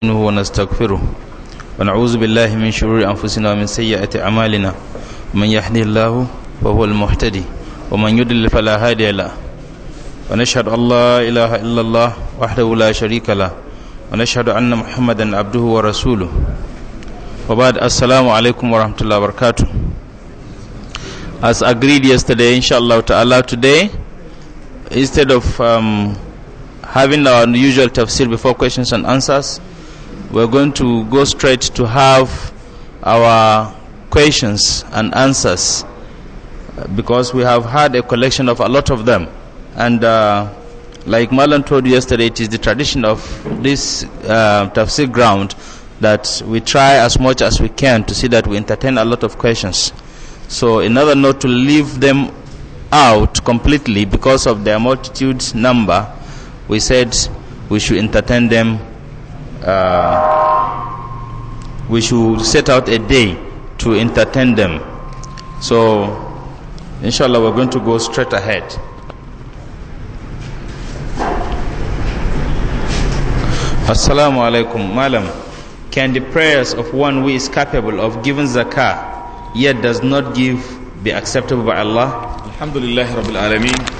نستعينه ونستغفره ونعوذ بالله من شرور أنفسنا ومن سيئات أعمالنا من يهده الله فهو المهتدي ومن يضلل فلا هادي له ونشهد أن لا إله إلا الله وحده لا شريك له ونشهد أن محمدا عبده ورسوله وبعد السلام عليكم ورحمة الله وبركاته As agreed yesterday, inshallah ta'ala, today, instead of um, having our usual tafsir before questions and answers, we're going to go straight to have our questions and answers uh, because we have had a collection of a lot of them. And uh, like Malan told yesterday, it is the tradition of this uh, tafsir ground that we try as much as we can to see that we entertain a lot of questions. So, in order not to leave them out completely because of their multitude number, we said we should entertain them uh, we should set out a day to entertain them. So, inshallah, we're going to go straight ahead. Assalamu alaikum, madam. Can the prayers of one who is capable of giving zakah yet does not give be acceptable by Allah? Alhamdulillah, Rabbil Alameen.